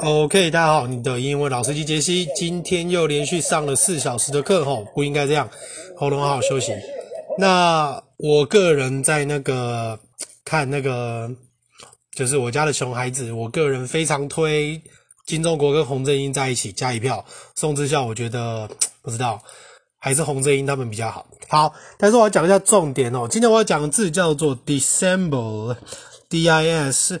OK，大家好，你的英文老師機傑西。今天又連續上了四小時的課，吼，不應該這樣，喉嚨好好休息。那我個人在那個看那個，就是我家的熊孩子，我個人非常推金鐘國跟洪真英在一起加一票。宋智孝我覺得不知道，還是洪真英他們比較好。好，但是我要講一下重點哦。今天我要講的字叫做 dissemble，D-I-S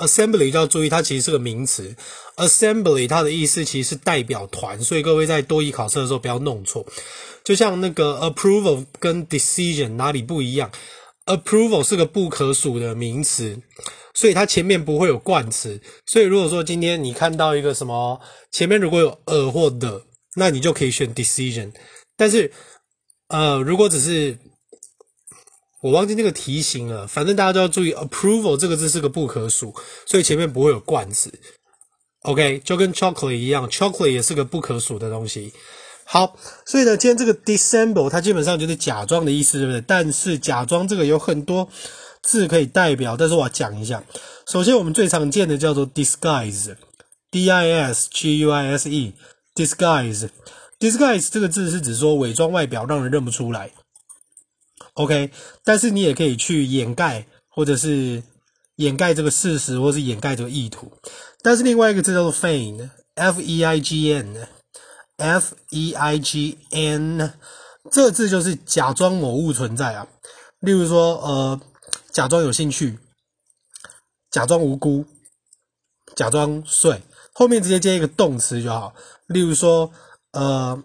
Assembly 就要注意，它其實是個名詞。Assembly 它的意思其實是代表團，所以各位在多益考試的時候不要弄錯。就像那個 approval 跟 decision 哪裡不一樣？approval 是個不可數的名詞，所以它前面不會有冠詞。所以如果說今天你看到一個什麼前面如果有 a、呃、或 the，那你就可以選 decision。但是，呃，如果只是我忘記那個題型了，反正大家都要注意，approval 這個字是個不可數，所以前面不會有冠詞。OK，就跟 chocolate 一樣，chocolate 也是個不可數的東西。好，所以呢，今天這個 dissemble 它基本上就是假裝的意思，對不對？但是假裝這個有很多字可以代表，但是我要講一下。首先，我們最常見的叫做 disguise，d-i-s-g-u-i-s-e，disguise，disguise、e, dis dis 這個字是指說偽裝外表，讓人認不出來。OK，但是你也可以去掩蓋，或者是掩蓋這個事實，或是掩蓋這個意圖。但是另外一個字叫做 feign，f e i g n，f e i g n，這個字就是假裝某物存在啊。例如說，呃，假裝有興趣，假裝無辜，假裝睡，後面直接接一個動詞就好。例如說，呃。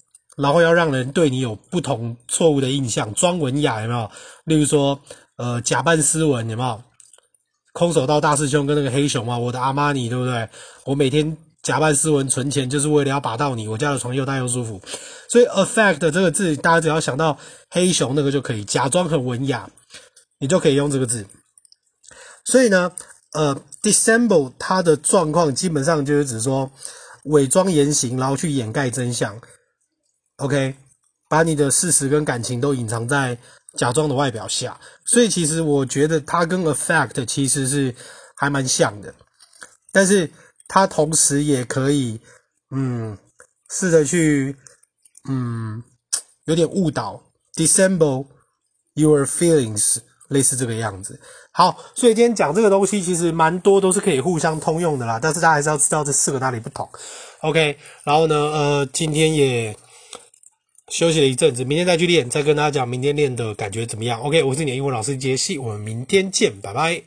然後要讓人對你有不同錯誤的印象，裝文雅有沒有？例如說，呃，假扮斯文有沒有？空手道大師兄跟那個黑熊啊，我的阿瑪尼對不對？我每天假扮斯文存錢，就是為了要把到你。我家的床又大又舒服。所以 affect、e、這個字，大家只要想到黑熊那個就可以，假裝很文雅，你就可以用這個字。所以呢，呃，dissemble 它的狀況基本上就是指說偽裝言行，然後去掩蓋真相。OK，把你的事實跟感情都隱藏在假裝的外表下，所以其實我覺得它跟 affect 其實是還蠻像的，但是它同時也可以，嗯，試着去，嗯，有點誤導，dissemble your feelings，類似這個樣子。好，所以今天講這個東西其實蠻多都是可以互相通用的啦，但是大家還是要知道這四個哪裡不同。OK，然後呢，呃，今天也。休息了一陣子，明天再去練，再跟大家講明天練的感覺怎麼樣。OK，我是你的英文老師傑西，我們明天見，拜拜。